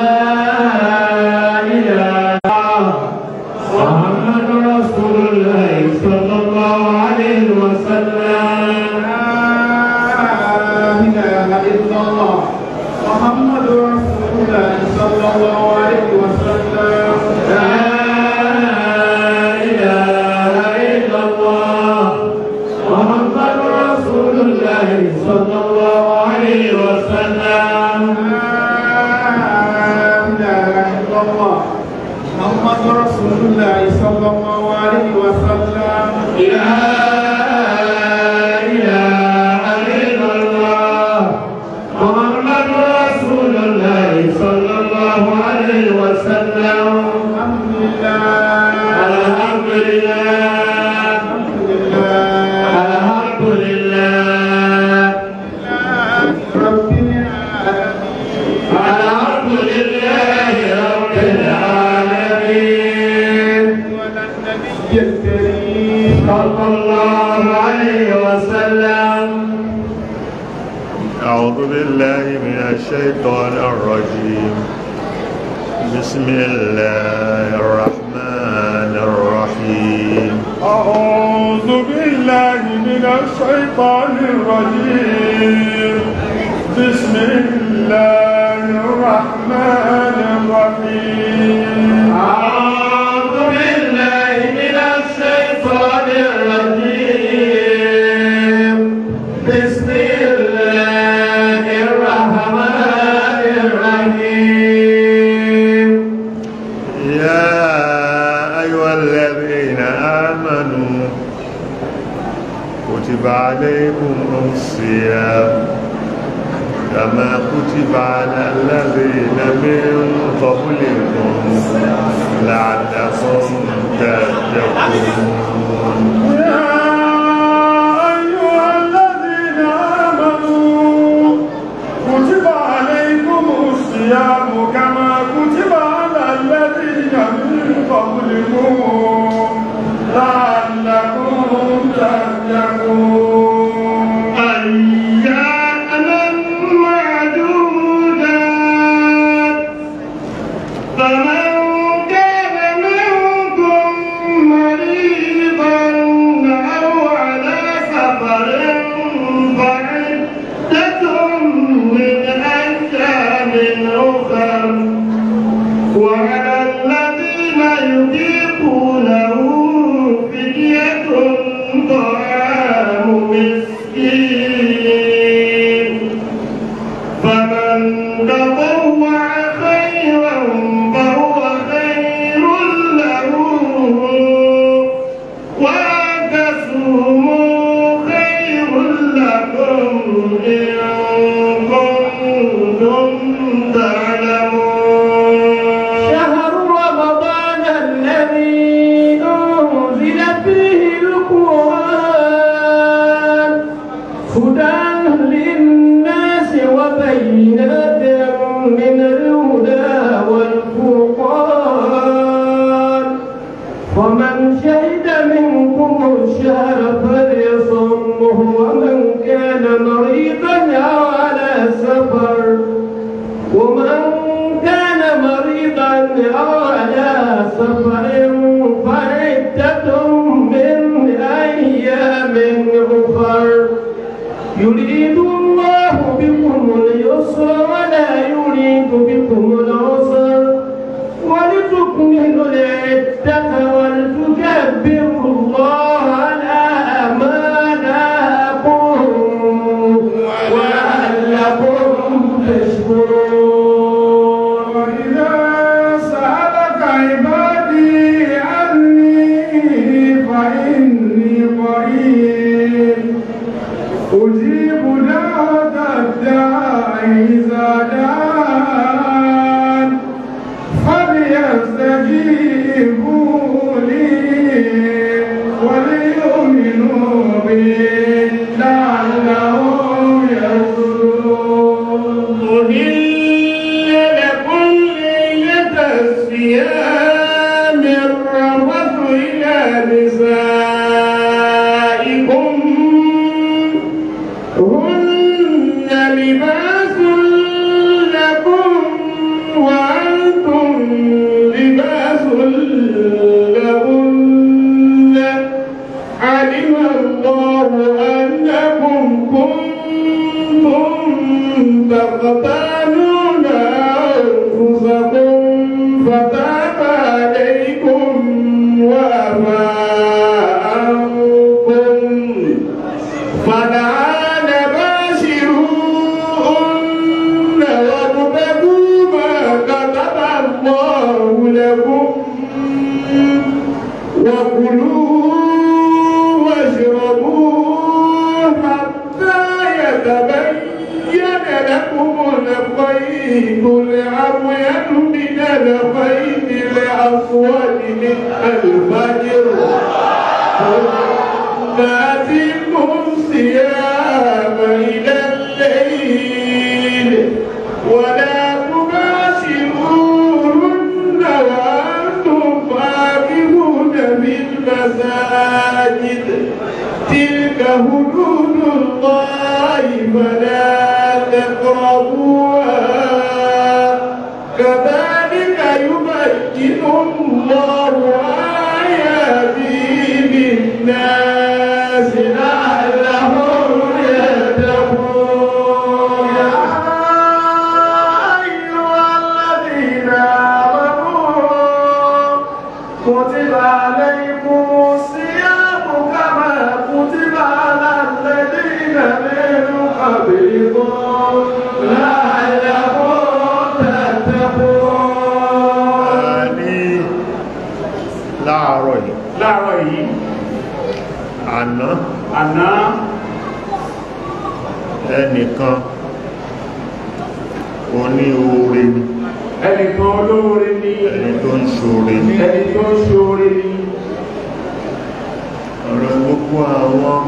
Ah. كتب عليكم الصيام كما كتب على الذين من قبلكم لعلكم تتقون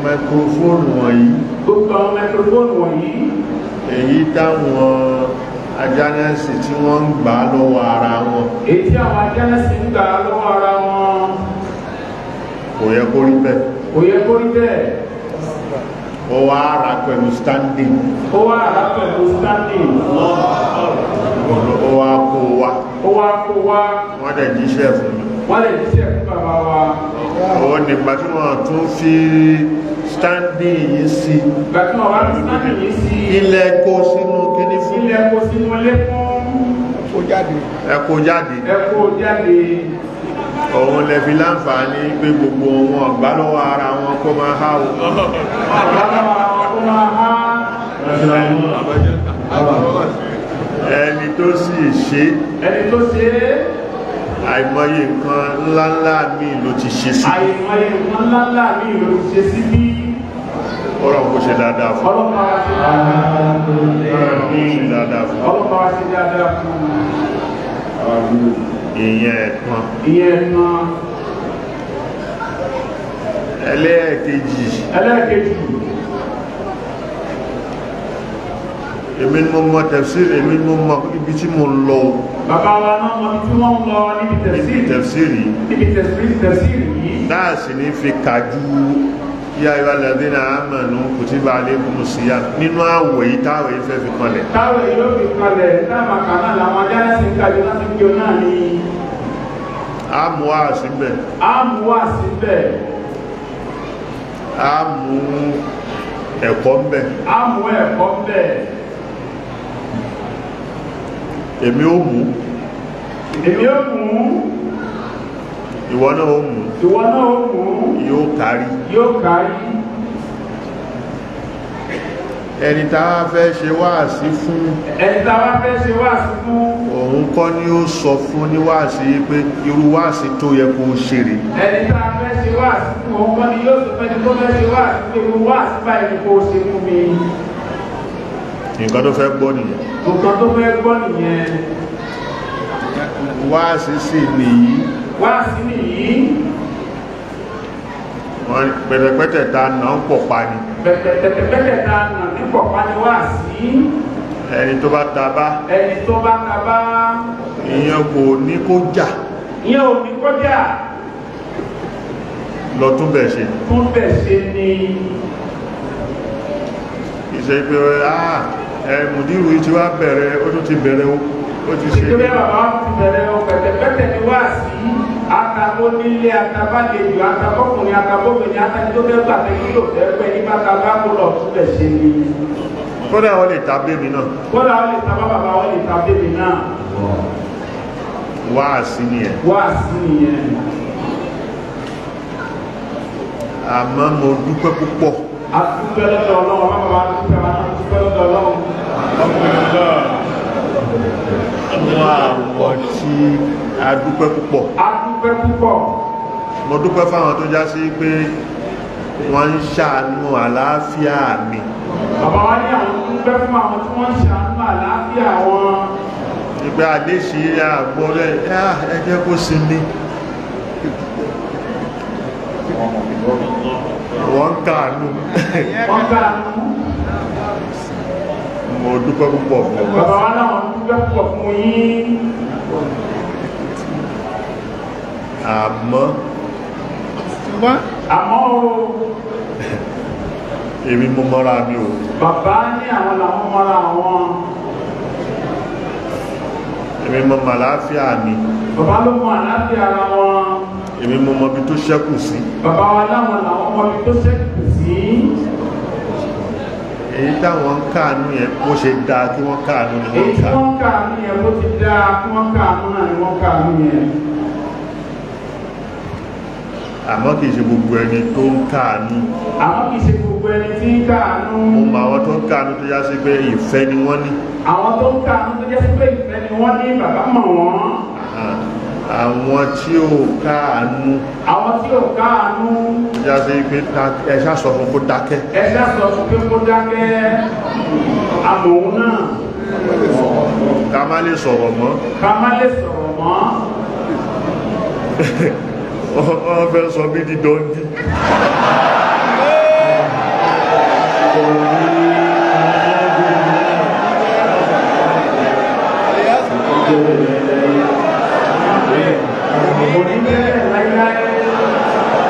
microphone wọ̀nyí gbogbo àwọn microphone wọ̀nyí èyí táwọn ajánẹ́sì tí wọ́n ń gbà lọ́wọ́ ara wọn èyí tí àwọn ajánẹ́sì ń gbà lọ́wọ́ ara wọn kò yẹ kó rí bẹ́ẹ̀ kò yẹ kó rí bẹ́ẹ̀ ó wá ara pẹ̀lú standing ó wá ara pẹ̀lú standing ó wá kó wá ó wá kó wá wọ́n dẹ̀ jíṣẹ́ fún mi wọ́n dẹ̀ jíṣẹ́ fún bàbá wa ó ní gbajúmọ̀ tún fi understanding yìí sí ilẹ̀ kó sínú kíní fún ilẹ̀ kó sínú ilé fún ẹkó jáde ẹkó jáde òun lè fi láǹfààní pé gbogbo wọn ọ̀gbá lọ́wọ́ ara wọn kó máa há o ọ̀gbá lọ́wọ́ ara wọn kó máa há ẹni tó sì ṣe ẹni tó ṣe àìmọye nǹkan ńláńlá mi ló ti ṣe sí àìmọye nǹkan ńláńlá mi ló ti ṣe sí bí ọlọ́run kó ṣe dáadáa fún ọlọ́run kó ṣe dáadáa fún ìyẹn ẹ̀kan ìyẹn ẹ̀kan ẹlẹ́ẹ̀kejì ẹlẹ́ẹ̀kejì èmi ni mo mọ tẹ̀fsìrì èmi ni mo mọ ibi tí mo lọ bàbá wa náà mọ ibi tí wọ́n lọ níbi tẹ̀fsìrì níbi tẹ̀fsìrì yìí ní fi kàjú yá ìwà lẹ́dínà àmànú kò tí bá alé kún sí yá nínú àwọ̀ yìí táwẹ̀ yìí fẹ́ fi kanlẹ̀. táwẹ̀ yìí ló fi kanlẹ̀ táwà kàná làwọn ajá sí kájú láti kí o náà ní. a mú wá síbẹ̀. a mú wá síbẹ̀. a mú ẹ̀kọ́ ń bẹ̀. a mú ẹ̀kọ́ ń bẹ̀. èmi ó mú. èmi ó ìwọ náà ó mú ìwọ náà ó mú yóò kárí yóò kárí ẹni tá a fẹ́ ṣe wáàsí fún ẹni tá a fẹ́ ṣe wáàsí fún òun kọ́ ni ó sọ fún ní wáàsí pé irú wáàsí tó yẹ kó o ṣe rè ẹni tá a fẹ́ ṣe wáàsí fún òun kọ́ ni yóò sọ fún ẹni tó fẹ́ ṣe wáàsí pé irú wáàsí báyìí kó o ṣe fún mi nǹkan tó fẹ́ gbọ́ nìyẹn nǹkan tó fẹ́ gbọ́ nìyẹn wáàsí sì nìyí wá sí nìyí wọ́n pẹ̀tẹ̀pẹ̀tẹ̀ ta nà ń pọ̀ pa ni pẹ̀tẹ̀pẹ̀tẹ̀ ta nà ń pọ̀ pa ni wá sí ẹni tó bá ta bá ẹni tó bá ta bá ìyẹn kò ní kó jà ìyẹn ò ní kó jà lọ tún bẹ̀ ṣe tún bẹ̀ ṣe ni ìṣe pé ah ẹ mùdírù yìí ti wá bẹ̀rẹ̀ ó tún ti bẹ̀rẹ̀ ó ti ṣe ìgbẹ́ bàbá ti bẹ̀rẹ̀ ó pẹ̀tẹ̀pẹ̀tẹ̀ ni wá sí tó nílé atabálejò atabọ́kùnrin atabọ́bìnrin atajọ́dẹ́gbà tẹ́lẹ̀ yóò fẹ́ pẹ́ nípa tabako lọ túbẹ̀ ṣe ni. kódà wọn lè ta bébì náà. kódà wọn lè ta bàbá wọn lè ta bébì náà. wáàsí nìyẹn. wáàsí nìyẹn. àmọ́ mo dúpẹ́ púpọ̀. a dúpẹ́ lọ́dọ̀ ọlọ́run bàbá wa dúpẹ́ a dúpẹ́ lọ́dọ̀ ọlọ́run. ọkùnrin náà wọ́n ti a dúpẹ́ púpọ̀ a dúpẹ́ púpọ̀ mo dúpẹ́ fáwọn tó já sí pé wọ́n ń ṣàánú àlàáfíà mi bàbá wa ní àwọn dúpẹ́ fún àwọn tí wọ́n ń ṣàánú àlàáfíà wọn ìgbà àdéṣe àgbọ̀ rẹ̀ ẹ jẹ́ kó sinmi wọ́n kàánú wọ́n kàánú mo dúpẹ́ púpọ̀ fún bàbá wa náà dúpẹ́ púpọ̀ fún yín àmọ́ wá àmọ́ o èmi mo mọ́ra mi o bàbá ní àwọn làwọn mọ́ra àwọn èmi mo mọ̀ àlàáfíà mi bàbá ló mọ̀ àlàáfíà ara wọn èmi mo mọ̀ bí tó ṣẹ́kù sí bàbá wa láwọn làwọn mọ̀ bí tó ṣẹ́kù sí èyí táwọn ń káànú yẹn bó ṣe dáa kí wọ́n káànú ni wọ́n káànú èyí tí yẹn bó ti dáa kí wọ́n káànú náà ni wọ́n káànú yẹn àmọ́ kìí ṣe gbogbo ẹni tó ń káàánú àmọ́ kìí ṣe gbogbo ẹni tí ń káàánú mo mọ àwọn tó ń káàánú tó yá sí pé ìfẹ́ ni wọ́n ní àwọn tó ń káàánú tó yá sí pé ìfẹ́ ni wọ́n ní bàbá mọ̀ wọ́n àwọn tí ò káàánú àwọn tí ò káàánú tó yá sí pé ẹ̀ṣá sọ fún kó dákẹ́ ẹ̀ṣá sọ fún pé kó dákẹ́ àmọ̀hún náà ká má lè sọ̀rọ̀ mọ́ ká má lè sọ̀rọ̀ mọ́ Oh, aver ah, suami di Dondi.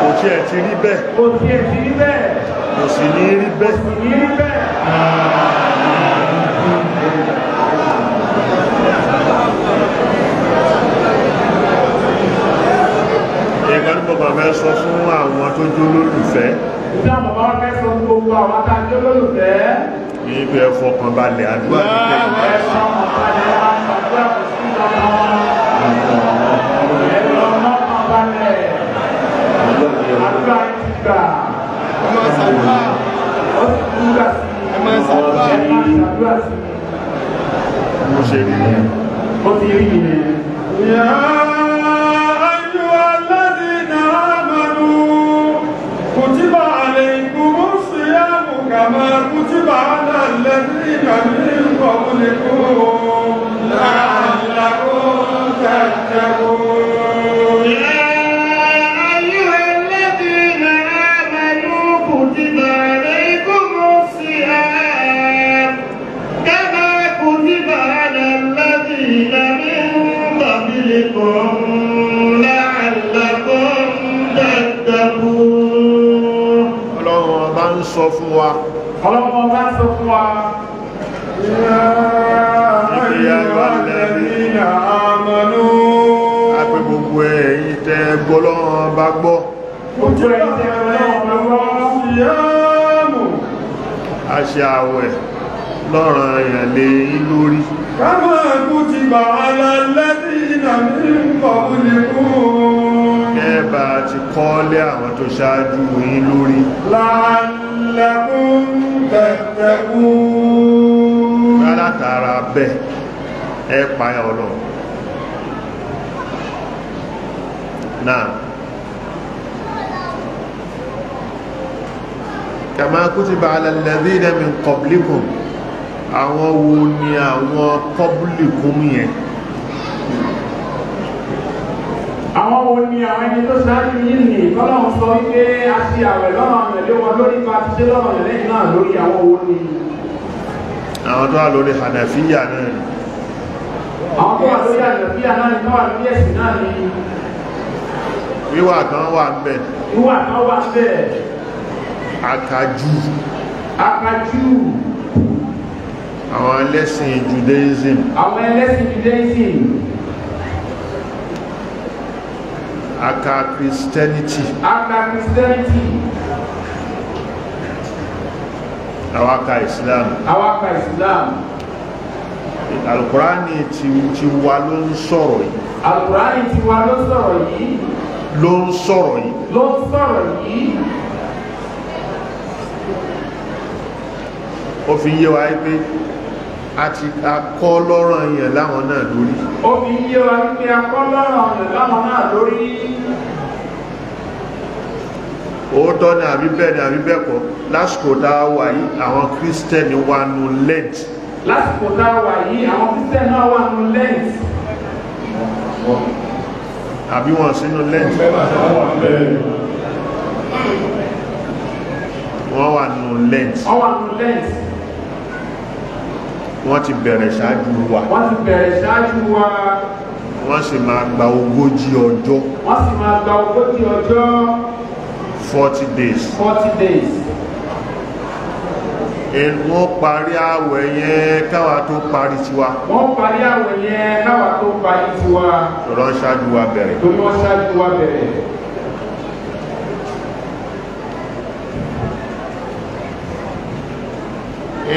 Pocieci ribè. Pocieci ribè. Osini ribè. Osini ribè. Ah. nǹkan tí mo kàn fẹ́ sọ fún àwọn tó jó lólùfẹ́. ìdá mo máa fẹ́ sọ fún gbogbo àwọn tá a jó lólùfẹ́. ní ibi ẹ fọkàn balẹ̀ àdúrà nígbà yìí. ẹ fọkàn balẹ̀ àdúrà kò sí ìjọba wọn. ẹ lọ mọ́kàn balẹ̀ àdúrà ti gbà. ẹ máa ṣàdúrà. ó ti dúrà sí i. ẹ máa ṣàdúrà. ẹ máa ṣàdúrà sí i. mo ṣe rí i. ó ti rí i. yàrá. غضب على الذين من gbọ́ lọ́wọ́n bá gbọ́ ojú ẹni tẹ́ ọlọ́wọ́n bá gbọ́ yáàmù àṣẹ àwẹ̀ lọ́ràn èèyàn lè yí lórí kámọ́ ẹ̀kú ti bà alálẹ́dí ìnàmí nǹkan ó lè kú ẹ̀bà ti kọ́lé àwọn tó ṣáájú yín lórí láàlẹ́kún tẹ̀tẹ̀kún látara bẹ́ẹ̀ ẹ pààyà ọlọ́run كما kutiba على الذين من قبلكم àwọn wo ni àwọn qablikum yẹn àwọn wo ni àwọn ẹni tó ṣáájú yìí nì kọ́lọ́hún sọ wípé a ṣe àwẹ̀ lọ́nà ìrẹ̀lẹ́ wọn lórí ipa ti ṣe lọ́nà ìrẹ̀lẹ́ náà lórí àwọn wo ni. àwọn tó wà lórí hànàfíyà náà ni. àwọn tó wà lórí hànàfíyà náà ni tó wà lórí ẹ̀sìn náà ni. wíwà kan wà ń bẹ̀. wíwà kan wà ń bẹ̀ akaju akaju àwọn ẹlẹ́sìn judaism àwọn ẹlẹ́sìn judaism aka christianity aka christianity àwọn islam àwọn islam alukurani ti ti wa ló ń sọ̀rọ̀ yìí alukurani ti wa ló ń sọ̀rọ̀ yìí ló ń sọ̀rọ̀ yìí ló ń sọ̀rọ̀ yìí ó fi yé wa pé a ti akọ́ lọ́rọ̀ yẹn láwọn náà lórí ó fi yé wa a akọ́ lọ́rọ̀ yẹn láwọn náà lórí òótọ́ ni àbí bẹ́ẹ̀ ni àbí bẹ́ẹ̀ kọ́ lásìkò tá a wà yìí àwọn kírísítẹ́nì wà nù lent. lásìkò tá a wà yìí àwọn kírísítẹ́nì náà wà nù lent. àbí wọn sínú lent. wọ́n wà nù lent. wọ́n wà nù lent wọ́n ti bẹ̀rẹ̀ ṣáájú wa wọ́n ti bẹ̀rẹ̀ ṣáájú wa wọ́n sì máa gba ogójì ọjọ́ wọ́n sì máa gba ogójì ọjọ́ forty days forty days wọ́n parí àwẹ̀ yẹn káwa tó parí tiwa wọ́n parí àwẹ̀ yẹn káwa tó parí tiwa rọ́ṣáájú wa bẹ̀rẹ̀ tó rọ́ṣáájú wa bẹ̀rẹ̀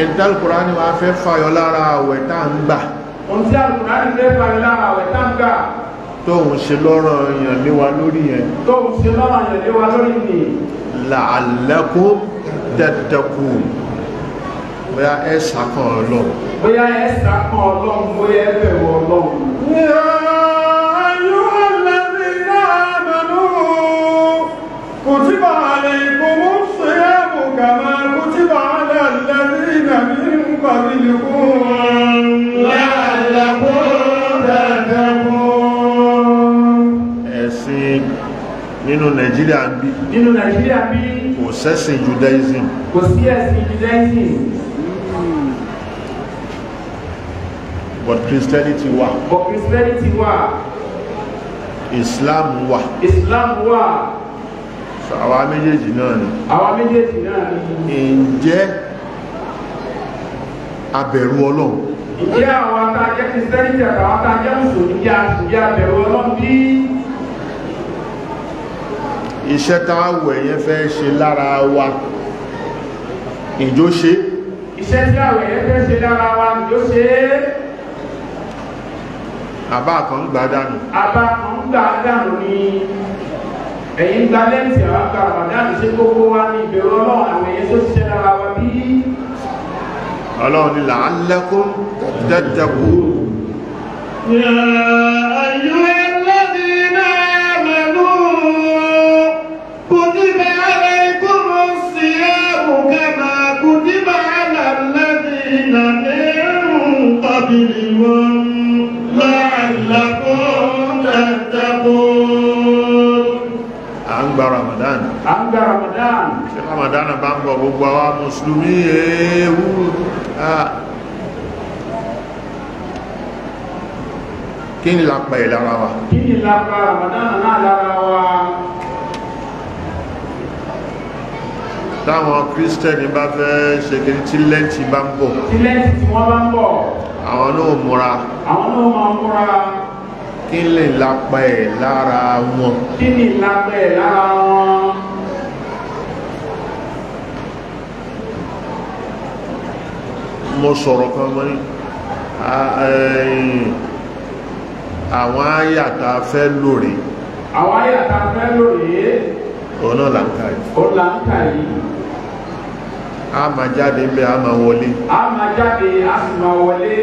ẹ̀dá alùkùránì wa fẹ́ fàyọ lára àwẹ̀ tá ń gbà ohun tí alùkùránì fẹ́ fàyọ lára àwẹ̀ tá ń gbà tóun ṣe lọ́rọ̀ èèyàn lé wa lórí yẹn tóun ṣe lọ́rọ̀ èèyàn lé wa lórí ni la'allakum tattaqun bóyá ẹ sàkàn ọlọ́run bóyá ẹ sàkàn ọlọ́run bóyá ẹ bẹ̀rù ọlọ́run كتب عليكم كما كتب على الذين من قبلكم لعلكم تتقون ẹ̀sìn nínú nàìjíríà ń bí nínú nàìjíríà ń bí kò sẹ́sìn judaism but christianity wà but christianity wà islam wà islam wà àwa méjèèjì náà ni àwa méjèèjì náà ni ǹjẹ́ abẹ̀rù ọlọ́run ǹjẹ́ àwọn atajẹ́ kìrìsìtẹ́nì àtàwọn atajẹ́ mùsùlùmí jẹ́ àṣìjẹ́ abẹ̀rù ọlọ́run bí iṣẹ́ táwọ̀ ẹ̀yẹn fẹ́ ṣe lára wa ìjó ṣe iṣẹ́ táwọ̀ ẹ̀yẹn fẹ́ ṣe lára wa ìjó ṣe àbá kan gbà dànù àbá kan gbà dànù ni ẹ̀yin gba lẹ́ǹtì àwọn àgbà ramadan ṣe gbogbo wa ní ìbẹ̀rù ọlọ́run àwọn èyí tó ṣiṣẹ́ lára wa bí. ọlọ́run ni la'allakum tattaqun. yà á yọ. قبلكم à Ramadan Ramadan bá ń bọ̀ gbogbo àwa mùsùlùmí ewu eh, kí ni lápá ẹ̀ lára wa kí ni Ramadan náà lára wa táwọn kírísítẹ́nì bá fẹ́ ṣe kiri tí lẹ́ǹtì bá ń bọ̀ tí lẹ́ǹtì tí wọ́n bá ń bọ̀ àwọn náà múra àwọn náà máa múra kí lè lápá lára wọn kí ni lápá lára wọn mo sọ̀rọ̀ kan mọ́ ní àwọn àyàtà fẹ́ lórí àwọn àyàtà fẹ́ lórí òun náà là ń yìí òun là yìí a máa jáde bẹ́ẹ̀ a máa wọlé a máa jáde a sì máa wọlé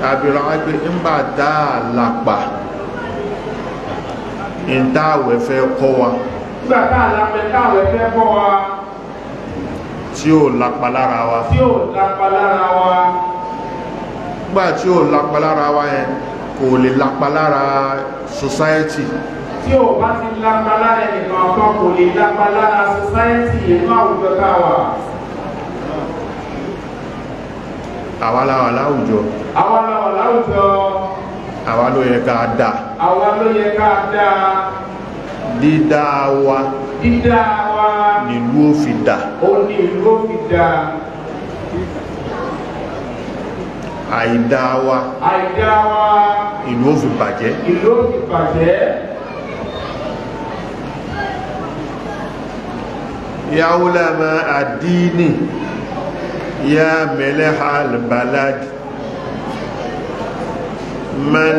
tàbíra wájú ńgbà dáa lápá ń dáa wẹ̀ fẹ́ kọ́ wa nígbà tá a lápẹ táwẹ̀ fẹ́ bọ́ wa tí ó lápa lára wa tí ó lápa lára wa nígbà tí ó lápa lára wa yẹn kò lè lápa lára society tí ó bá ti lápa lára ẹnìkan kan kò lè lápa lára society ìlú àwùjọ táwa àwa láwà láwùjọ àwa láwà láwùjọ àwa ló yẹ ká dáa àwa ló yẹ ká dáa dídá wa dídá wa nílùú ó fi dà ó ní ìlú ó dà àìdá wa àìdá wa ìlú ó bàjẹ́ ìlú ó bàjẹ́ ya ulama ad-dini balad man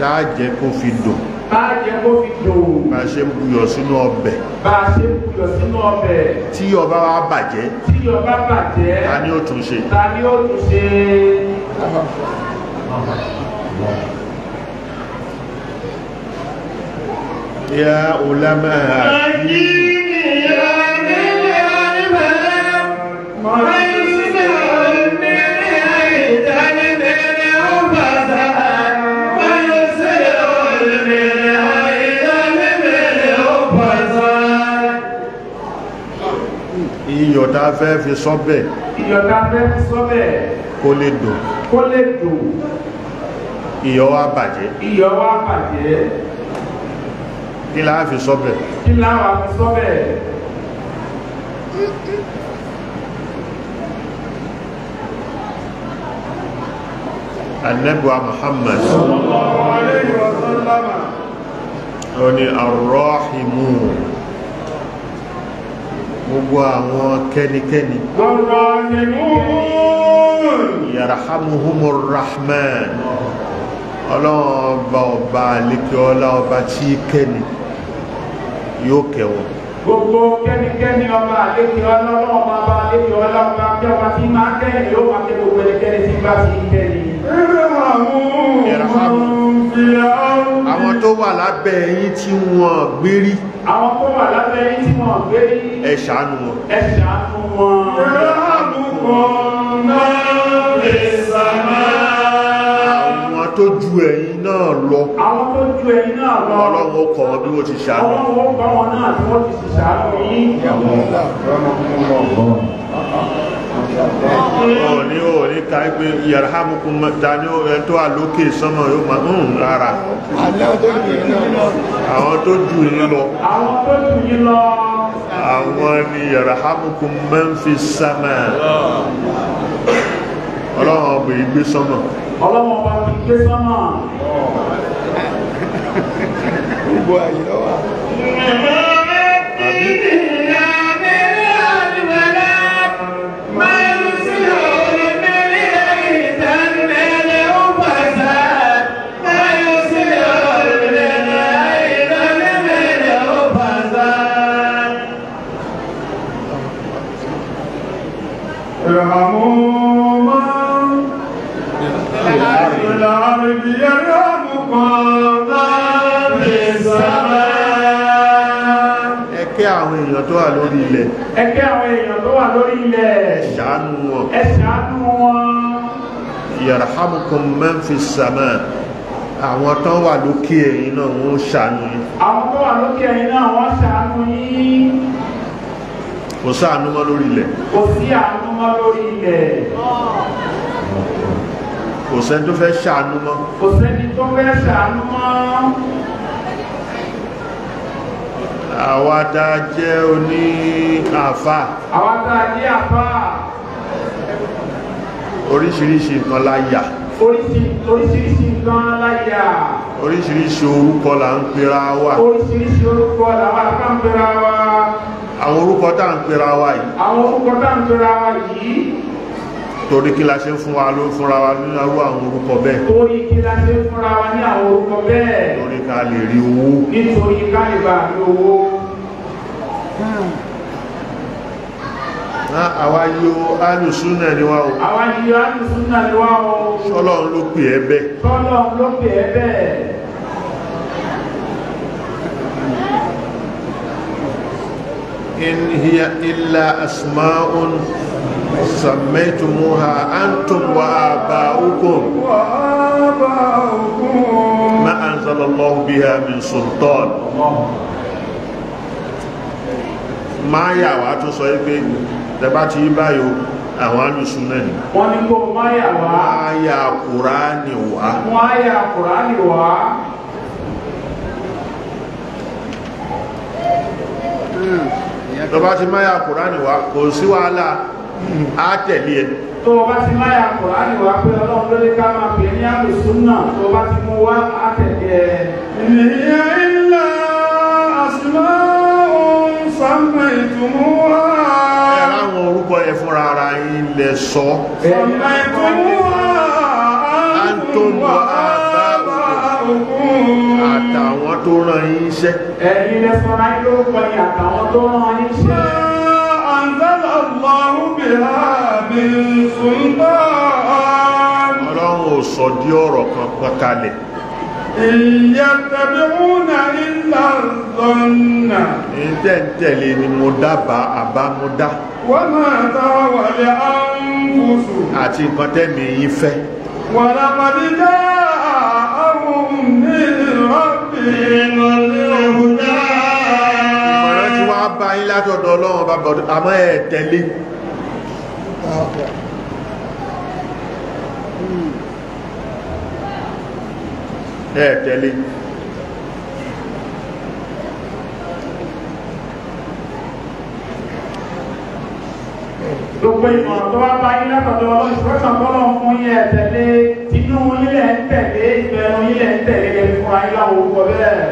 dáàjẹ́ kó fi dùn báàjẹ́ kó fi dùn bá a ṣe ń buyọ̀ sínú ọbẹ̀ bá a ṣe ń buyọ̀ sínú ọbẹ̀ tí ọba wa bàjẹ́ tí ọba bàjẹ́ ta ni ó tún ṣe ta ni ó tún ṣe ya ulama yìí tá a fẹ́ fi sọ́bẹ̀ iyọ̀ tá a fẹ́ fi sọ́bẹ̀ kó lè dùn kó lè dùn iyọ̀ wa bàjẹ́ iyọ̀ wa bàjẹ́ kí la fi sọ́bẹ̀ kí la wà fi sọ́bẹ̀ annabuwa muhammad sallallahu alaihi wasallam oni arrahimu gbogbo àwọn kẹ́nikẹ́ni. ọ̀rọ̀ ìmúhùn. yarhamuhumur rahman ọlọ́run ọba ọba àlekè ọlá ọba tí kẹ́ni yóò kẹwọ́. gbogbo kẹ́nikẹ́ni ọba àlekè ọlá ọba ọba àlekè ọlá ọba tí ọba tí máa kẹ́ni yóò máa kẹ́ gbogbo ẹnikẹ́ni tí bá ti kẹ́ni. yarhamuhumur rahman àwọn tó wà lábẹ́ yín tí wọ́n gbérí àwọn tó wà lábẹ́ yín tí wọ́n gbérí ẹ ṣàánú wọn ẹ ṣàánú wọn àwọn tó ju ẹ̀yin náà lọ àwọn tó ju ọlọ́run ó kọ́ wọn bí wọ́n ti ṣàánú ọlọ́run ó kọ́ wọn náà bí wọ́n ti ṣàánú yín ọ̀ ní ọ̀ ní ká pé yarhamukum dání ẹ̀ tó wà lókè sánmà yóò máa ń rárá àwọn tó jù yín lọ àwọn tó jù yín lọ àwọn ni yarhamukum man fi sánmà ọlọ́run ọba ìgbé sánmà ọlọ́run ọba ìgbé sánmà gbogbo àyè lọ́wọ́ àbí èèyàn tó wà lórí ilẹ̀ ẹgbẹ́ àwọn èèyàn tó wà lórí ilẹ̀ ṣàánú wọn ẹ ṣàánú wọn yarhamukum man fis sama àwọn tó wà lókè ẹ̀yin náà wọ́n ṣàánú yín àwọn tó wà lókè ẹ̀yin náà wọ́n ṣàánú yín kò sáànú mọ́ lórí ilẹ̀ kò sí àánú mọ́ lórí ilẹ̀ kò sẹ́ni tó fẹ́ ṣàánú mọ́ kò sẹ́ni tó fẹ́ ṣàánú mọ́ àwa tá a jẹ́ oní àfà àwa tá a jẹ́ àfà oríṣiríṣi nǹkan láyà oríṣiríṣi nǹkan láyà oríṣiríṣi orúkọ là ń pera wa oríṣiríṣi orúkọ làwa ká ń pera wa àwọn orúkọ tá ń pera wa yìí àwọn orúkọ tá ń pera wa yìí torí kí la ṣe ń fún wa ló fúnra wa ní arú àwọn orúkọ bẹ́ẹ̀. torí kí la ṣe ń fúnra wa ní àwọn orúkọ bẹ́ẹ̀. torí ká lè rí owó. nítorí ká lè bá rí owó. ná ah, àwa yíò alùsúnà ni wá o. àwa yíò alùsúnà ni wá o. sọlọ́run ló pè é bẹ́ẹ̀. sọlọ́run ló pè é bẹ́ẹ̀. in illa asma'un سميتموها أنتم وآباؤكم ما أنزل الله بها من سلطان ما wá tó sọ pé tẹbá ti yí báyò àwọn alùsùn náà wọ́n ní kó máyà wá máyà kùránì wá máyà kùránì wá tọba ti máyà kùránì wá kò sí wàhálà á tẹ̀lé ẹ tó o bá ti láyà kùránì wá pé ọlọ́run ló lè ká máa pè ní àlùsùn náà tó o bá ti mú wá á tẹ̀lé ẹ. ìyẹn illa asma'un sammaytumuha. ẹ láwọn orúkọ yẹn fúnra ara yín lẹ sọ. sammaytumuha antum wa àtàwọn tó ràn yín iṣẹ́. ẹ̀yin lẹ sọ láyé lórúkọ yìí àtàwọn tó ràn yín iṣẹ́. الله بها من سلطان ọlọ́run ò sọ di ọ̀rọ̀ kan kan kalẹ̀. ìyàtọ̀bíhúnà ìlà zọ́nà. ìdẹ́ ń tẹ̀lé ni mo dábàá àbámúdá. wọ́n máa ta wàlẹ̀ àǹfùsù. àti nǹkan tẹ́mi yín fẹ́. wàlàpàdé jẹ́ àwọn ohun ní ìrọ́bì ìrọ̀lẹ́ yín látọ̀dọ̀ ọlọ́run bá bọ̀dọ̀ àmọ́ ẹ̀ tẹ̀lé ẹ̀ tẹ̀lé gbogbo ìmọ̀ tó wá bá yín látọ̀dọ̀ ìṣòwòsàn bọ́lọ̀ fún yín ẹ̀ tẹ̀lé tinú ilẹ̀ ń tẹ̀lé ìbẹ̀rù ilẹ̀ ń tẹ̀lé fún ayélujára orúkọ bẹ́ẹ̀.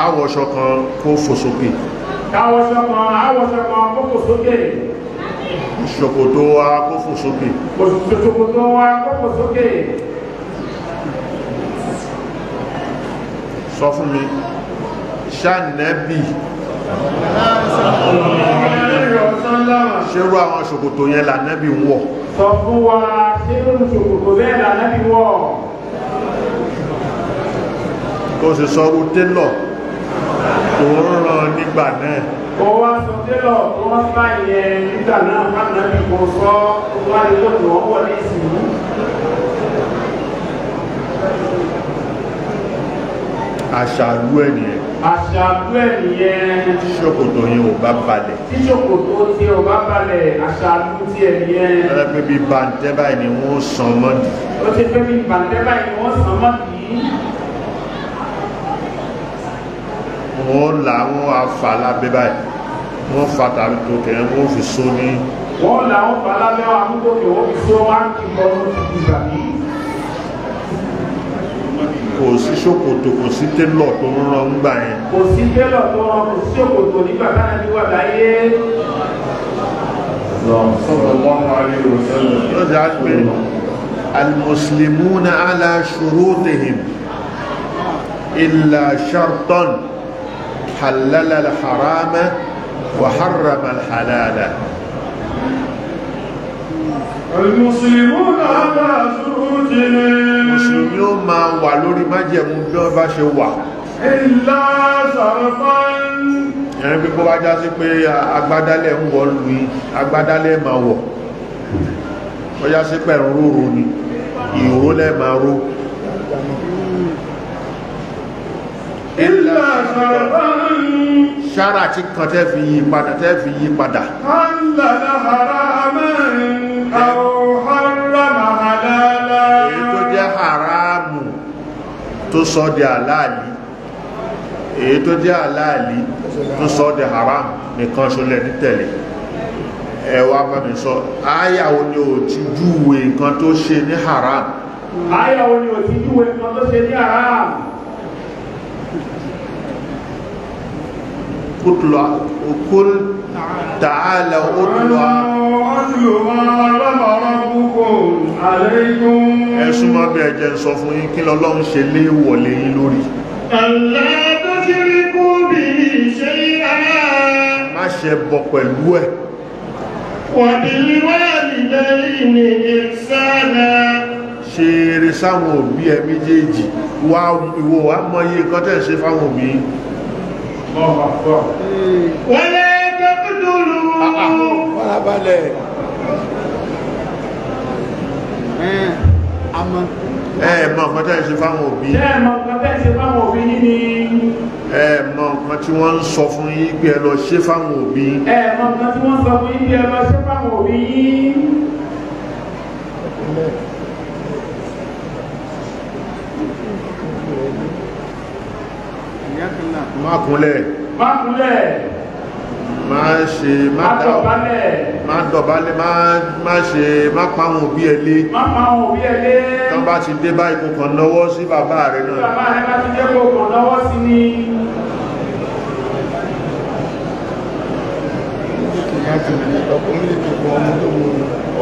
àwọ̀ṣọ kan kó fò sókè káwọ̀ṣọ kan àwọ̀ṣọ kan kó fò sókè ṣòkòtò wa kó fò sókè ṣòkòtò wa kó fò sókè sọ fún mi ṣànẹ́bì ṣerú àwọn ṣòkòtò yẹn lànẹ́bì ń wọ̀ sọ fún wa ṣerú ṣòkòtò yẹn lànẹ́bì wọ̀ tó sì sọ rú télọ̀ tó ń ràn nígbà náà. ó wá sọ tẹ́lọ̀ tó wá bá yẹn nígbà náà fáwọn ẹbí kò sọ wá ní lóòtù wọn wọ ní ìsìn yìí. àṣàlú ẹ̀ nìyẹn. àṣàlú ẹ̀ nìyẹn. tí ṣòkòtò yẹn ò bá balẹ̀. tí ṣòkòtò tí ò bá balẹ̀ àṣàlú tí ẹ̀ nìyẹn. ó bí bàǹtẹ́ báyìí ni wọ́n sàn mọ́dì. ó ti pẹ́ bí bàǹtẹ́ báyìí ni wọ́n sàn mọ́dì. wọ́n là wọ́n afa lábẹ́ báyìí wọ́n fa tàbí tó kẹrin wọ́n fi so ní. wọ́n là wọ́n fa lábẹ́ wọn amúgbòkè wọ́n fi so wọn kì í bọ́ lórí ìgbà yìí. kò sí ṣòkòtò kò sí télọ̀ tó ń rán gbà yẹn. kò sí télọ̀ tó ń rán kò sí ṣòkòtò nígbà táwọn ẹni wà láyé. lọ́dọ̀ á pé al-muslimuna ala shurutihim illa shartan halala al-harama wa harrama al-halala. Mùsùlùmí ó máa wà lórí májẹ̀mú bí wọ́n bá ṣe wà. Ìlà sàrọ̀fán. Ìrìn pípọ́ wá já sí pé agbádálẹ̀ ń wọ̀ lùí, agbádálẹ̀ máa wọ̀. Ó já sí pẹ̀rún rúru ni, ìró lẹ́ máa ró ilà sàrán. sára tí kan tẹ́ fi yí padà tẹ́ fi yí padà. hàlà la haramu àwọn haramu halala. èyí tó jẹ́ haramu tó sọ di aláàlí èyí tó jẹ́ aláàlí tó sọ di haram nìkan ṣọlẹ̀ nítẹ̀lé ẹwà bàbí sọ ayàwó ni ò ti júwe nǹkan tó ṣe ní haram ayàwó ni ò ti júwe nǹkan tó ṣe ní haram اطلع وكل تعالى اطلع ẹ súnmọ́ bí ẹjẹ́ ń sọ fún yín kí lọ́lọ́run ṣe lé wọ̀lé yín lórí má ṣe bọ pẹ̀lú ẹ̀ ṣe eré sáwọn òbí ẹ méjèèjì ìwọ wa mọ iye kan tẹ́ ṣe fáwọn òbí yín wọlé tẹkùtùlù. farabalẹ̀. àmọ́. ẹ ẹ mọ nǹkan tẹ́ ẹ ṣe fáwọn òbí. ẹ ẹ mọ nǹkan tẹ́ ẹ ṣe fáwọn òbí yín ni. ẹ ẹ mọ nǹkan tí wọ́n ń sọ fún yín pé ẹ lọ ṣe fáwọn òbí. ẹ ẹ mọ nǹkan tí wọ́n ń sọ fún yín pé ẹ lọ ṣe fáwọn òbí yín. má kúnlẹ̀ Ma kúnlẹ̀ Ma ṣe ma dọ̀bálẹ̀ má dọ̀bálẹ̀ má ṣe má pàwọn òbí ẹ lé má pàwọn òbí ẹ lé tó bá ti dé bá ikú kan lọ́wọ́ sí bàbá rẹ náà bàbá rẹ bá ti dé kó kan lọ́wọ́ sí ni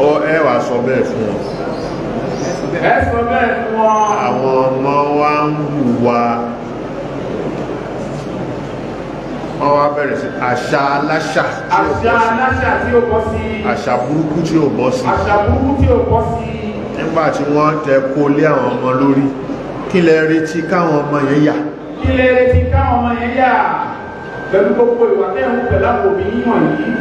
ọ ẹ wàá sọ bẹ́ẹ̀ fún ọ ẹ sọ bẹ́ẹ̀ fún ọ àwọn ọmọ wa ń hùwà wọ́n wá bẹ̀rẹ̀ sí àṣà aláṣà àṣà aláṣà tí ó bọ́ sí àṣà burúkú tí ó bọ́ sí àṣà burúkú tí ó bọ́ sí nígbà tí wọ́n tẹ kó lé àwọn ọmọ lórí kí lẹ retí káwọn ọmọ yẹn yà kí lẹ retí káwọn ọmọ yẹn yà pẹ̀lú gbogbo ìwà tẹ́hùn pẹ̀lú àwọn yíyan yìí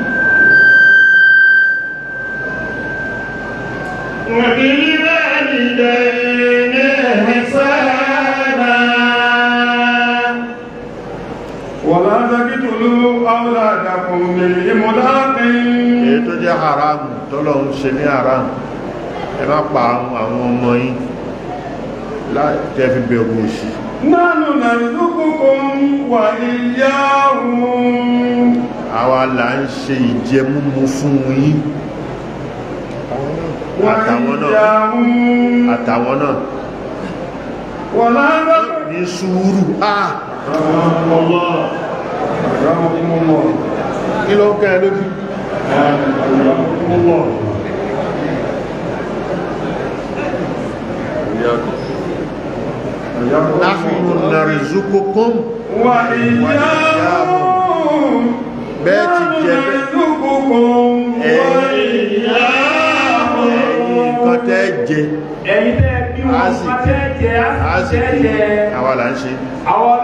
وبالوالدين awladakum bil imlaqin èyí tó jẹ́ haram tọ́lọ̀ ń ṣe ní haram ẹ má pa àwọn ọmọ yín láti fi bẹ̀ ògùn òṣì nánú nàìlúkùnkùn wà iyyahum àwa là ń ṣe ìjẹmúmu fún yín àtàwọn náà àtàwọn náà wọ́n lára ní sùúrù ah Allah rahimahullah kí ló ń kẹ́ ẹ lójú rahimahullah nahnu narzuqukum wa iyyahum bẹ́ẹ̀ ti jẹ́ ẹ̀yìn kan tẹ́ là ń ṣe àwa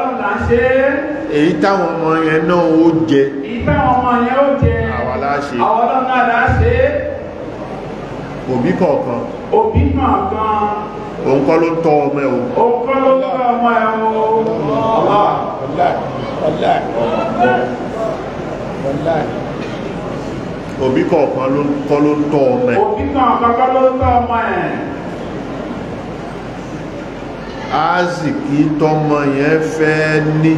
èyí táwọn ọmọ yẹn náà ó jẹ àwa láṣe òbí kọ̀ọ̀kan òbí kọ̀ọ̀kan òun kọ́ ló tọ́ ọmọ ẹ̀ o òun kọ́ ló tọ́ ọmọ ẹ̀ o òbí kọ̀ọ̀kan ló tọ́ ọmọ ẹ̀ òbí azìkí tọmọ yẹn fẹ́ ní.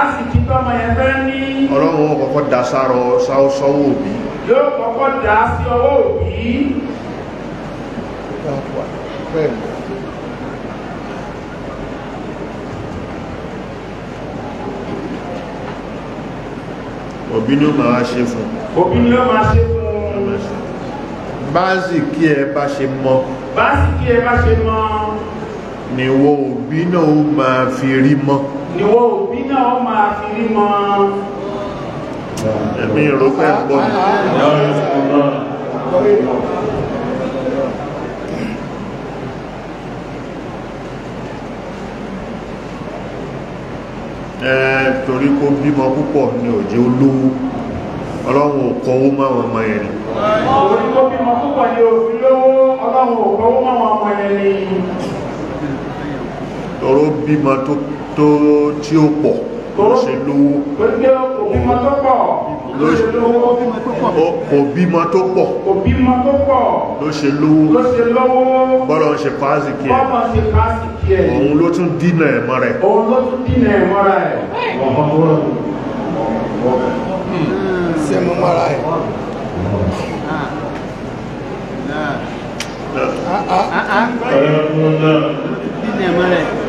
azìkí tọmọ yẹn fẹ́ ní. ọlọ́run ó kọ́kọ́ da sáró sọ́wọ́ òbí. yóò kọ́kọ́ da sí ọwọ́ òbí. òbí ni ó máa ṣe fún. òbí ni ó máa ṣe fún báàsì kí ẹ bá ṣe mọ. báàsì kí ẹ bá ṣe mọ ni wọ́n òbí náà ó máa fi rí mọ́ ni wọ́n òbí náà ó máa fi rí mọ́ ẹ̀mí ìrókẹ́ gbọ́ torí kó bímọ púpọ̀ ní òjé olówó ọlọ́run ò kọ́ ó máa wọn mọ̀ ẹ̀rìn torí kó bímọ púpọ̀ ní òfin lówó ọlọ́run ò kọ́ ó máa wọn mọ̀ ẹ̀rìn tọrọ bímọ tó tó tí ó pọ̀ ló ṣe lówó kò bímọ tó pọ̀ ló ṣe lówó kò bímọ tó pọ̀ ló ṣe lówó bọ́lọ̀ ń ṣe pàásì kí ẹ̀ òun ló tún dínà ẹ̀mọ́ rẹ̀ ṣe mọ́ mọ́ra ẹ̀ hmm. ah, ah. Ah, Dínà ẹ̀mọ́ rẹ̀.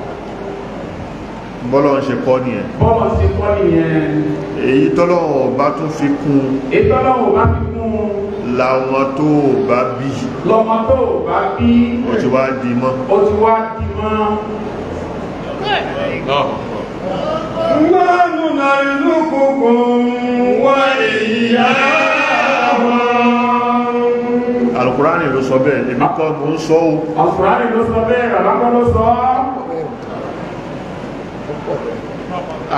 bọ́lọ̀ ń ṣe kọ́ nìyẹn bọ́lọ̀ ṣe kọ́ nìyẹn èyí tọ́lọ́wọ̀ bá tún fi kún èyí tọ́lọ́wọ̀ bá fi kún làwọn tó bá bí lọ́mọ tó bá bí ó ti wá di mọ́ ó ti wá di mọ́ nánú nàìlúkùnkùn wá èyí alukurani ló sọ bẹ́ẹ̀ èmi kọ́ mò ń sọ o alukurani ló sọ bẹ́ẹ̀ bàbá kọ́ ló sọ ọ́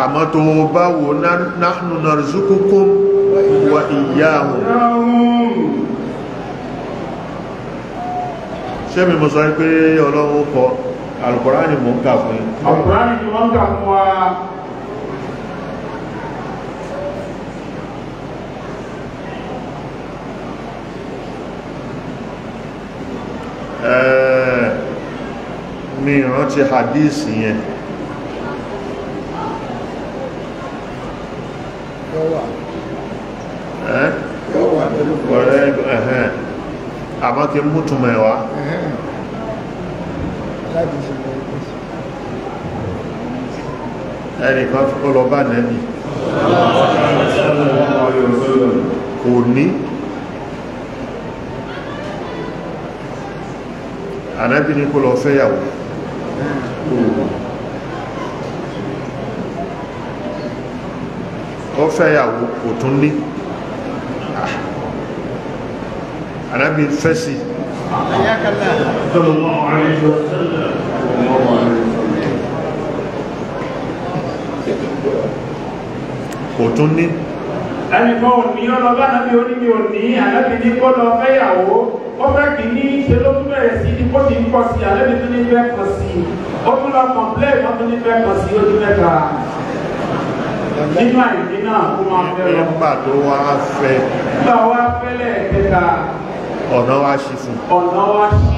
àmọ́ tó bá wò nahnu narzukukum wa iyyahum ṣé mi mọ̀ sọ pé ọlọ́run kọ alùkùránì mọ̀ ń ń kà fún wa mi ìrántí hadith yẹn kí n mútùmọ̀ ẹ̀ wá ẹnìkan tó lọ bá nẹ́bì kò ní ànẹ́bì ní kó lọ fẹ́yàwó ó fẹ́yàwó kò tún ní arábìn fẹ́sì kò tún ní ẹnìkan ò ní ọlọ́bá náà bí oníbi ò ní àlẹ́bí ní kó lọ fẹ́yàwó ó fẹ́ kì í ní ṣe ló tún bẹ̀rẹ̀ sí ní kó ti ń pọ̀ sí àlẹ́bí tó ní fẹ́ pọ̀ sí ó tún lọ kọ̀m̀plẹ́ ìwọ́n tó ní fẹ́ pọ̀ sí ojú mẹ́ta nínú àìní náà kó máa fẹ́ lọ. nígbà tó wá fẹ́. nígbà wá fẹ́lẹ̀ kẹta ọ̀nà wa ṣí fún ọ̀nà wa ṣí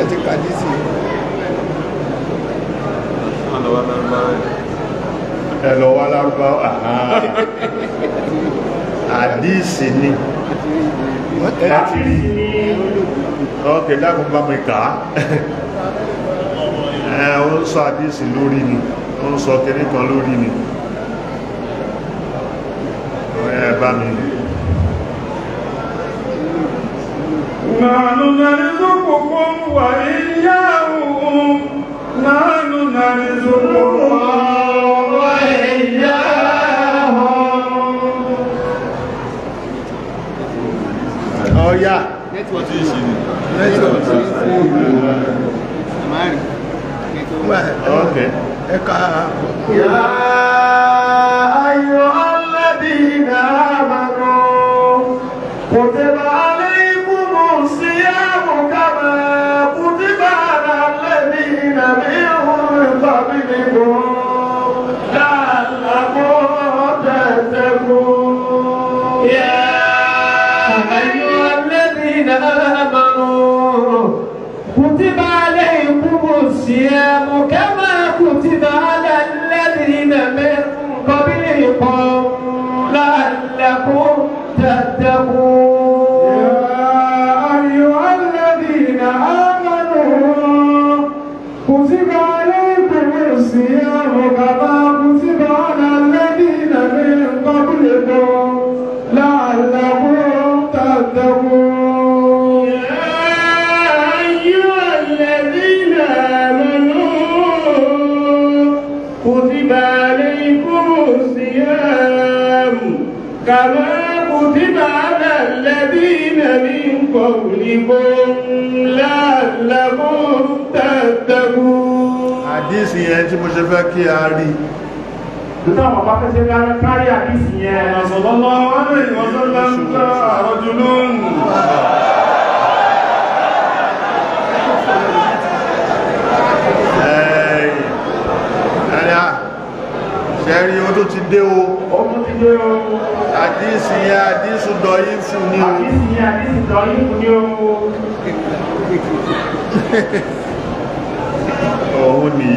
ẹ ti ka dí sí ẹ lọ wá lárúbáwá àdíìsì ni ẹ ti rí ọkẹ dákun bá mi kà á ẹ ń sọ àdíìsì lórí ni ó ń sọ kiri kan lórí ni. bá mi nánú nàrísù kòkó wà ìyá òun nánú nàrísù kòkó wà ìyá òun ọ̀yá nẹ́tíwọ̀tí ìṣìlẹ̀ nẹ́tíwọ̀tí ìṣìlẹ̀ ọ̀kẹ́ ẹ̀ka ààbò yà كتب عليكم الصيام كما كتب على الذين من قبلكم لعلكم تتقون يا أيها الذين آمنوا كتب عليكم الصيام كما كتب على الذين من قبلكم لعلكم تتقون كما كتب على الذين من قبلكم لعلكم تتقون حديث yẹn tí mo ṣe fẹ́ kí a rí Ìtàwọn bá o tó ti dé o. Ó tó ti dé o àdísì yẹn àdísù dọ̀yí fún ní o àdísì yẹn àdísù dọ̀yí fún ní o ọ̀hún ní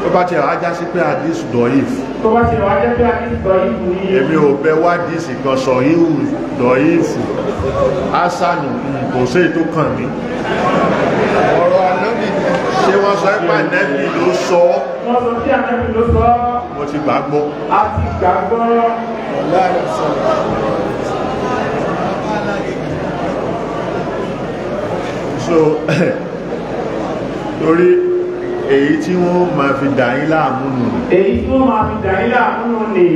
tó bá ti rà ájá sí pé àdísù dọ̀yí fún tó bá ti rà ájá pé àdísù dọ̀yí fún ní èmi ò bẹ wá àdísì kan sọ ìhù dọ̀yí fún asánù kò sí ètò kàn mí ọ̀rọ̀ ànábì ṣé wọ́n sọ ẹ́pà nẹ́bì ló sọ wọ́n sọ sí ànábì ló sọ mo ti gbàgbọ́. a ti gbàgbọ́. ọ̀làrẹ̀ so torí èyí tí wọ́n máa fi dà yín láàmú nù. èyí tí wọ́n máa fi dà yín láàmú nù ni.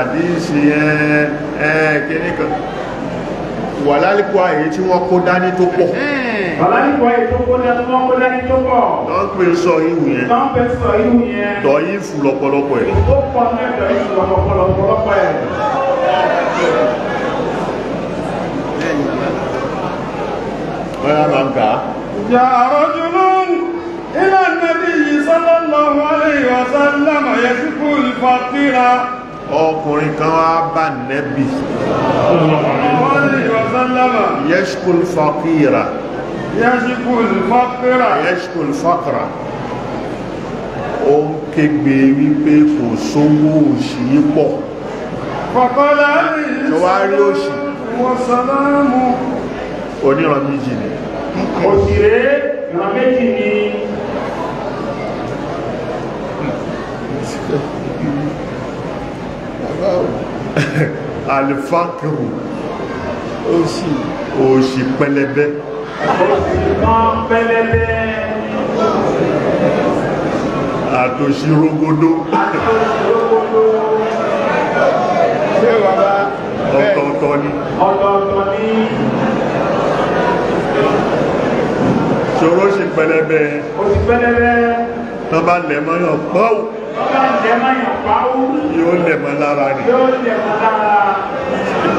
àdíṣe ẹ ẹ kíní kan wà lálẹ́ kó àyè tí wọ́n kó dání tó pọ̀. Ọ̀làdìpọ̀ ètò kódà tó wọ́n kódà ní tó pọ̀. Tọ́ pé sọ ihu yẹn. Tọ́ pé sọ ihu yẹn. Tọ́ yìí fù lọ́pọ̀lọpọ̀ ẹ̀. Ó pọ̀ náà tọ́ yìí fù lọ́pọ̀lọpọ̀ ẹ̀. Bọ́lá máa ń kà á. Ìjà àrọ́jú lóhùn. إلى النبي صلى الله عليه وسلم يشكو الفقير ọkùnrin kan wá bá nẹ́bì yẹ́ṣkùl fàkíra yẹ́sìkò ìfọ́kìrà yẹ́sìkò ìfọ́kìrà ó ń kégbe wípé kò sówó òṣì yí pọ̀ kọ̀kọ́lá rí ṣọwárí òṣì wọ́n sàlámù oníran méjì ni òṣìré ìran méjì ni alifákìrù pẹlẹbẹ oṣù kan pẹ́lẹ́lẹ́ àtòṣì rogodo ọ̀tọ̀ọ̀tọ̀ ni ọ̀tọ̀ọ̀tọ̀ ni ṣòro ṣe pẹlẹbẹ oṣù pẹlẹbẹ tán bá lẹ̀ mọ́yàn pọ́wù yóò lẹ̀ lára ni yóò lẹ̀ mọ́ lára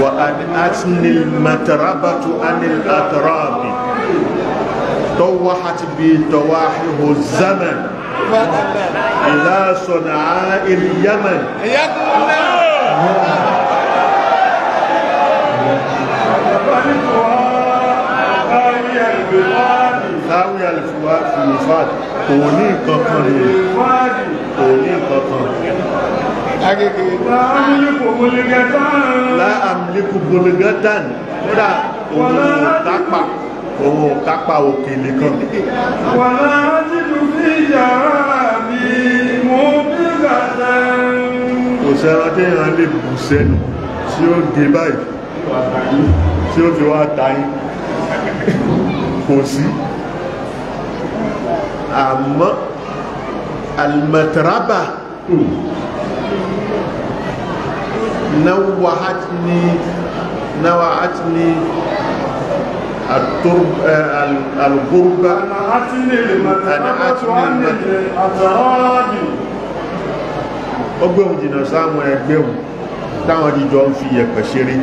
وأن أتني المتربة عن الأتراب طوحت بي طواحه الزمن إلى صنعاء اليمن خاوية الفؤاد في الفؤاد قولي قطر قولي قطر agége. láàmìlíkù gbòlégátàn kódà òun ò kápá òun ò kápá òkèlè kan. wàlá tìlú fi yàrá mi mú bí gàdá. kò sẹ́ran tí èèyàn lè bù sẹ́nu tí ó gé báyìí tí ó fi wá ta yín kò sí àmọ́ alimataraba. نوعتني نوعتني الترب الغربة أنعتني المتعبة أترابي ọgbẹ́ òun jìnà sáwọn ẹgbẹ́ òun táwọn jíjọ ń fi ẹ̀pẹ̀ ṣeré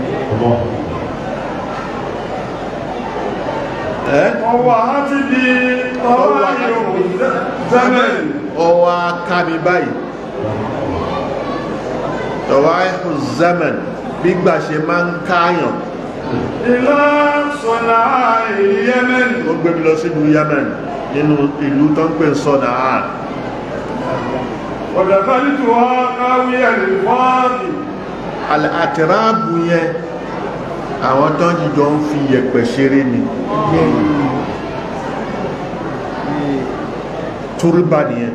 ọwọ́ á ti di ọwọ́ ayò zẹ́mẹ̀ ọwọ́ á ká báyìí tọ̀wá Zemen, zaman gbígbà ṣe máa ń káyàn ilá sọ̀nà yemen ó gbé mi lọ sílùú yemen nínú ìlú tó ń pè sọ̀nà á ọ̀dàfẹ́lì tó wá káwí ẹ̀rìn fọ́ọ̀dì àtìráàbù yẹn àwọn tó jíjọ ń fi yẹ̀pẹ̀ ṣeré ni túrúbà nìyẹn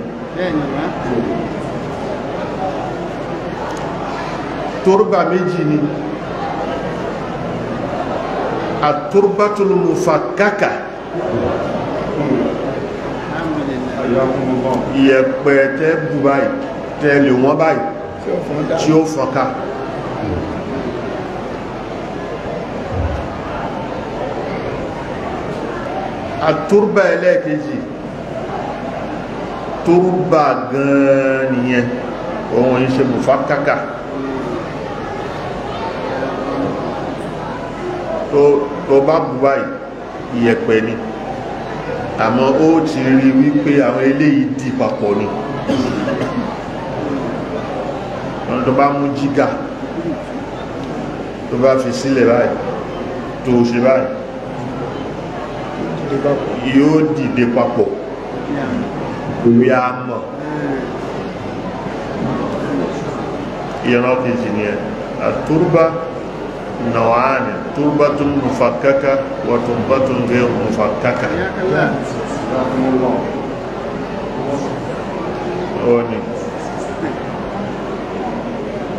àtòrúbà méjì ni àtòrúbátòlùmùfàkàkà ìyẹ̀pẹ̀ tẹ́ bù báyìí tẹ́ lè wọ́n báyìí tí ó fọ́nká àtòrúbà ẹlẹ́ẹ̀kejì tòrúbà gan-an nìyẹn òun ìṣe mùfàkàkà tó bá bù báyìí ìyẹ̀pẹ̀ ni àmọ́ ó ti rí wípé àwọn eléyìí dì papọ̀ ni wọn tó bá mú jígà tó bá fi sílẹ̀ báyìí tó ṣe báyìí yóò dìde papọ̀ bí a mọ̀ ìran kejì ni ẹ̀ àtúrúbá نوعان تربة مفككة وتربة غير مفككة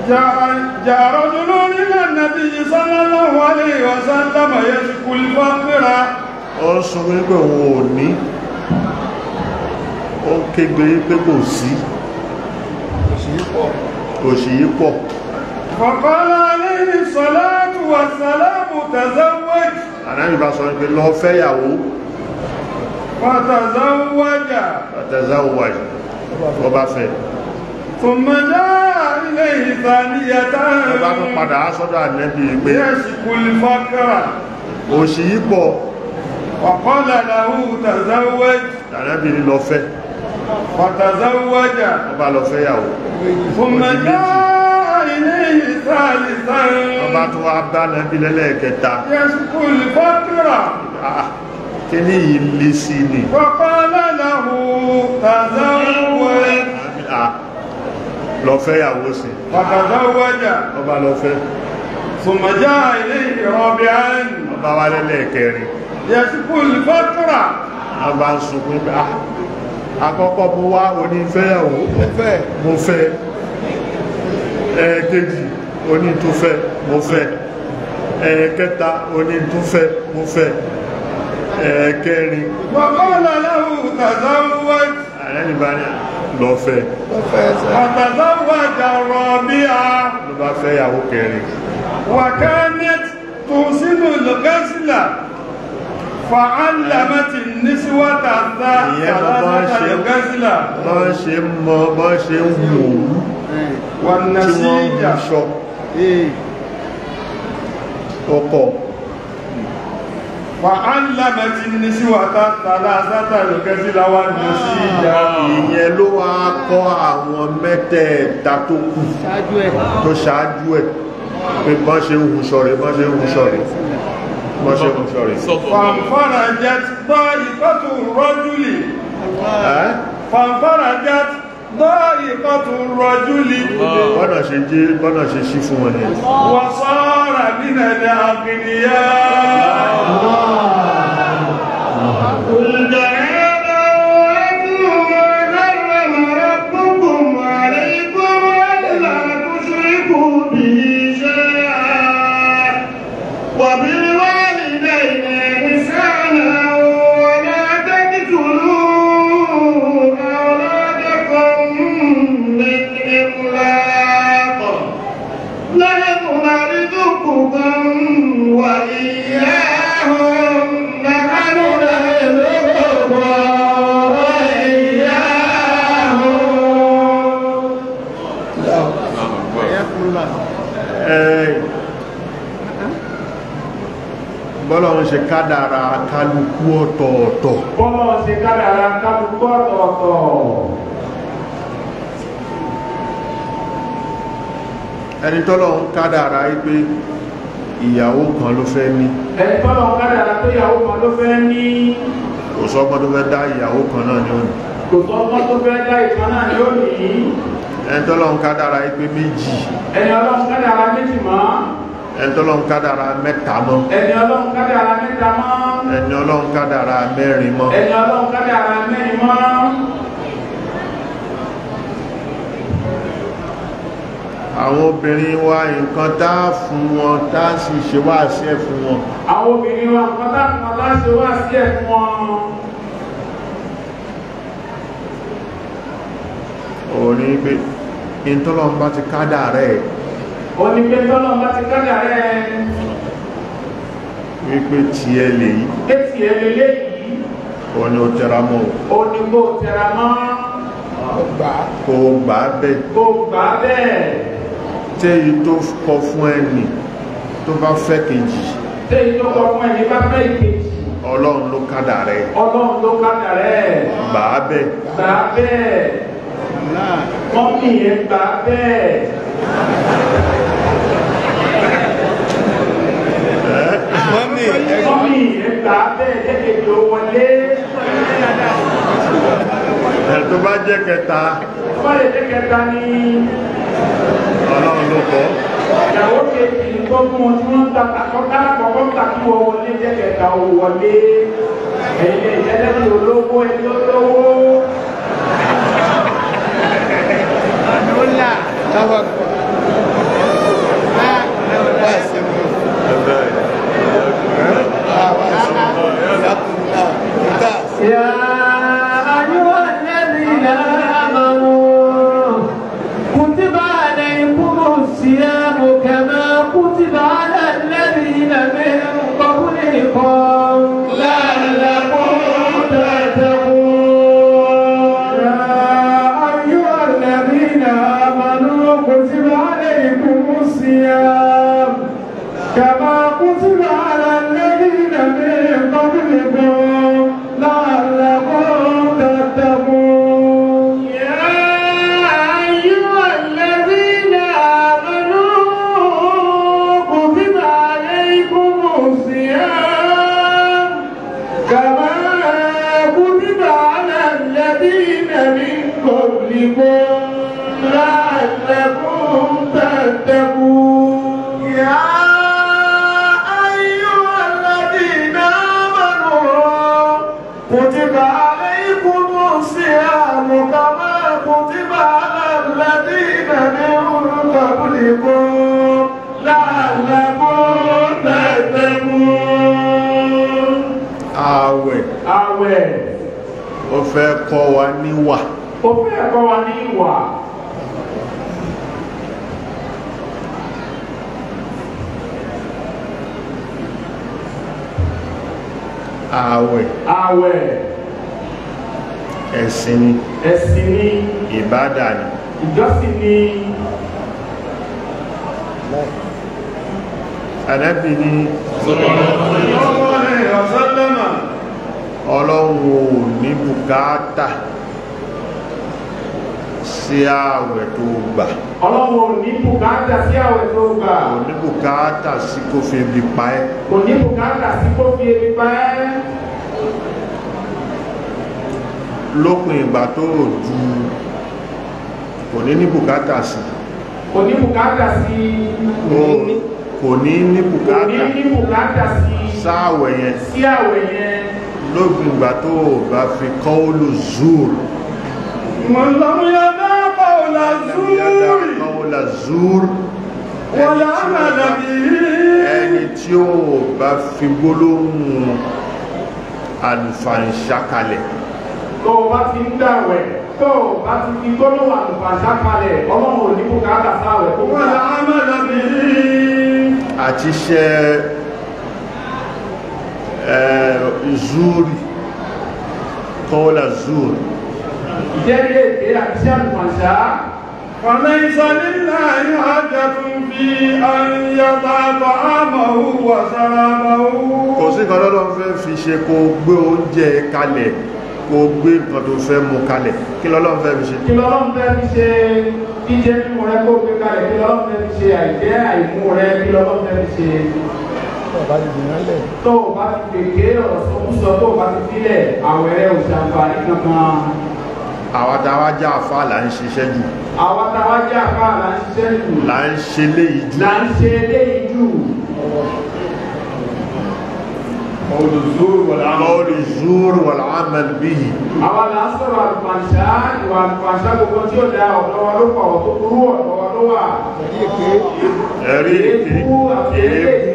جاء رجل إلى النبي صلى الله عليه وسلم يشكو الفقر ó sọ wípé òun ò ní ó kégbe pé kò sí òṣìyípọ̀ òṣìyípọ̀ kọ̀kọ́lá ní ìsọ̀lá wàsálàmù tazawwaj. ànábì bá sọ pé lọ fẹ́yàwó. fatazawwaja. fatazawwaja wọ́n bá fẹ́. tòmọ̀já ilé ìtàníyàtà. wọ́n bá tún padà á sọ́dọ̀ ànábì pé. yẹ́sì kùlì fọ́kàrà. òṣì yìí pọ̀. ọ̀kọ́lẹ̀ ọba tó wá bá ilẹ̀lẹ̀ kẹta kí ní ilé sí ni lọ́fẹ́ yàwó sí ọba lọ́fẹ́ sọmọjá ilé ìrọ̀bí àánì ọba wá lẹ́lẹ̀ kẹrin yẹ̀sùkúl fọ́túrà ọba ń sunkún pé àkọ́kọ́ bó wá onífẹ́yàwó mo fẹ́ ẹ̀ẹ́kejì oní tó fẹ́ mo fẹ́ ẹ̀ẹ́kẹta oní tó fẹ́ mo fẹ́ ẹ̀ẹ́kẹrin wàkọ́lá láhùn tàzáwọ́ àrẹ́yìnbáyà lọ fẹ́ àtàzáwọ́ àjàrọ̀ bí a ló bá fẹ́ yàwó kẹrin wàkánẹ́t tó sínú lọ́gẹ́sìlà fàálàmẹ́tì níṣíwátà tá àlàáta ìgázílà bọ́ ṣe mọ́ bọ́ ṣe ń wò ó wọ́n na sí ìjà ọkọ̀ fàálàmẹ́tì níṣíwátà tá sí ìjà ìyẹn ló wá kọ́ àwọn mẹ́tẹ̀ẹ̀ta tó kù tó ṣáájú ẹ̀ pé ṣe ń wùṣọ́ rẹ̀ ṣe ń wùṣọ́ mọ́ṣẹ́kùn sọ́rí fanfara jẹ́ gbọ́ ìkọ́tù rọ́júlì fanfara jẹ́ gbọ́ ìkọ́tù rọ́júlì bọ́nà ṣe jí bọ́nà ṣe ṣí fún wọn ni wọ́n sọ́ọ̀rọ̀ nínú ẹ̀dẹ̀ àgbìnìyàn Se kadara kálukú ọ̀tọ̀ọ̀tọ̀. bọ́lọ̀ ṣe kádàrà kálukú ọ̀tọ̀ọ̀tọ̀. ẹni tọ́lọ̀ ń kádàrà yí pé ìyàwó kan ló fẹ́ ní. ẹni tọ́lọ̀ ń kádàrà pé ìyàwó kan ló fẹ́ ní. kò sọ́gbọ́n tó fẹ́ dá ìyàwó kan náà ní òní. kò sọ́gbọ́n tó fẹ́ dá ìkan náà ní òní. ẹni tọ́lọ̀ ń kádàrà yí pé méjì. ẹni ọlọ́ ẹni ọlọ́run kádàrá mẹ́ta mọ́ ẹni ọlọ́run kádàrá mẹ́ta mọ́ ẹni ọlọ́run kádàrá mẹ́rin mọ́ ẹni ọlọ́run kádàrá mẹ́rin mọ́. àwọn obìnrin wa nǹkan tá a fún wọn tá a sì ṣe wá sí ẹ fún wọn. àwọn obìnrin wa nǹkan tá a fún wọn tá a ṣe wá sí ẹ fún wọn. òní pé ìtọ́lọ́mbá ti kádàrá ẹ̀ òní pé tọ́lọ́ bá ti kájà rẹ̀ wípé tiẹ̀ lèyí pé tiẹ̀ lélẹ́ òní ó tẹra mọ́ o òní kó o tẹra mọ́ kó o gbà á bẹ́ẹ̀ kó o gbà á bẹ́ẹ̀ téyí tó kọ fún ẹnì tó bá fẹ́ kejì téyí tó kọ fún ẹnì bá fẹ́ kejì ọlọ́run ló kádà rẹ̀ ọlọ́run ló kádà rẹ̀ gbà bẹ́ẹ̀ gbà bẹ́ẹ̀ mọ́mí yẹn gbà bẹ́ẹ̀. ẹ̀gbọ́nmí ẹgbà bẹ́ẹ̀ lẹ́kẹ̀ẹ́ tó wọlé. ẹ̀tọ́ bá jẹ́ kẹta. bá lè jẹ́ kẹta ni. ọlọ́run ló kọ́. ìyàwó kejì gbọ́gbọ́n tí wọ́n ta àkọ́kọ́ àkọ́kọ́ ta kí wọ́n wọlé jẹ́ kẹta ò wọlé. ẹ̀yẹ ìjẹ́lẹ́sì olówó ẹni olówó. Tava. Ah, não, não. Yeah. fẹ́ kọ́ wa níwà ó fẹ́ kọ́ wa níwà ààwẹ̀ ààwẹ̀ ẹ̀sìn ni ẹ̀sìn ni ìbádà ni ìjọsìn ni ànábì ni sọ́kọ̀ọ́ Gata sí ààwẹ̀ tó gbà ọlọ́run ò ní bùkátà sí ààwẹ̀ tó gbà kò ní bùkátà sí kó fi ebi pa ẹ́ kò ní bùkátà sí kó fi ebi pa ẹ́ lópin ìgbà tó rò ju kò ní ní bùkátà sí kò ní bùkátà sí kò ní ní bùkátà sí sáàwẹ̀ yẹn sí ààwẹ̀ yẹn lópin ìgbà tó bá fi kọ́ọ̀lù zúúrù wọ́n lámúyàdá kọ́ọ̀lù zúúrù ẹni tí ó bá fi gbólóhùn àlùfàǹṣàkalẹ̀ tó bá fi ń dáwẹ̀ tó bá ti fi gbólóhùn àlùfàǹṣàkalẹ̀ ọlọ́run ò káàkà sáwẹ̀ kó wọ́n lámúyàdá àti ṣe ẹ̀ẹ́ zuri kọ́wọ́lá zuri jẹ́rìí èké àti àlùmọ̀ṣá fàmẹ́sà nílá ní àjẹ́kùn bí àyàbá bá àmàwò wà sàràmàwò kò sí kan lọ́dọ̀ fẹ́ fi ṣe kó gbé oúnjẹ kalẹ̀ kó gbé nǹkan tó fẹ́ mú kalẹ̀ kí lọ́lọ́run fẹ́ fi ṣe kí lọ́lọ́run fẹ́ fi ṣe jíjẹ fẹ́ fi ṣe tó o bá ti dìran lẹ̀. tó o bá ti kéke ọ̀rọ̀ sọ́kúsọ tó o bá ti filẹ̀ àwẹ̀ rẹ̀ ò ṣàǹfààní kankan. àwa tá a wá já àfa là ń ṣiṣẹ́ jù. àwa tá a wá já àfa là ń ṣiṣẹ́ jù. là ń ṣe léyìí jù. là ń ṣe léyìí jù. قول الزور والعمل قول الزور والعمل به àwọn lásán wà fàṣà wà fàṣà gbogbo tí ó da ọ̀dọ̀ wa ló pa ọ̀tọ̀ kúrú ọ̀dọ̀ wa ló wà. ẹ̀rí èké èké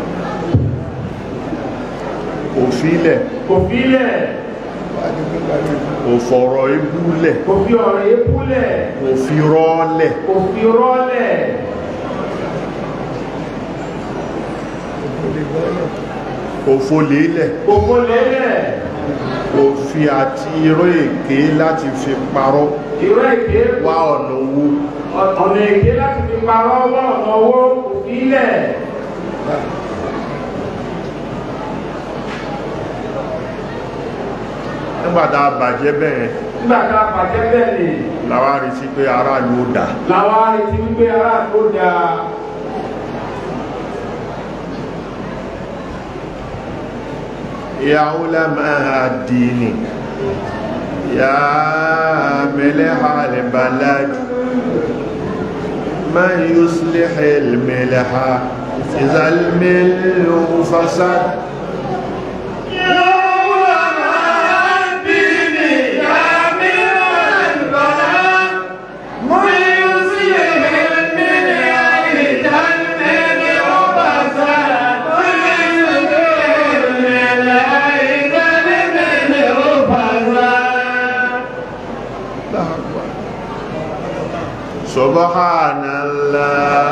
òfilẹ̀ òfilẹ̀ kò fọ̀rọ̀ ebú lẹ̀ kò fi ọ̀rọ̀ ebú lẹ̀ kò fi rọ́ọ̀lẹ̀ kò fi rọ́ọ̀lẹ̀ òfò lélẹ̀ òfò lélẹ̀ kò fi àti irọ́ èké láti fi parọ́ irọ́ èké wá ọ̀nà owó ọ̀nà èké láti fi parọ́ wá ọ̀nà owó kò nígbà tá a bàjẹ́ bẹ́ẹ̀ nígbà tá a bàjẹ́ bẹ́ẹ̀ ni làwa retí pé aráàlú ó dà làwa retí pé aráàlú ó dà يا علماء الدين يا ملح البلد من يصلح الملح إذا المل فسد سبحان الله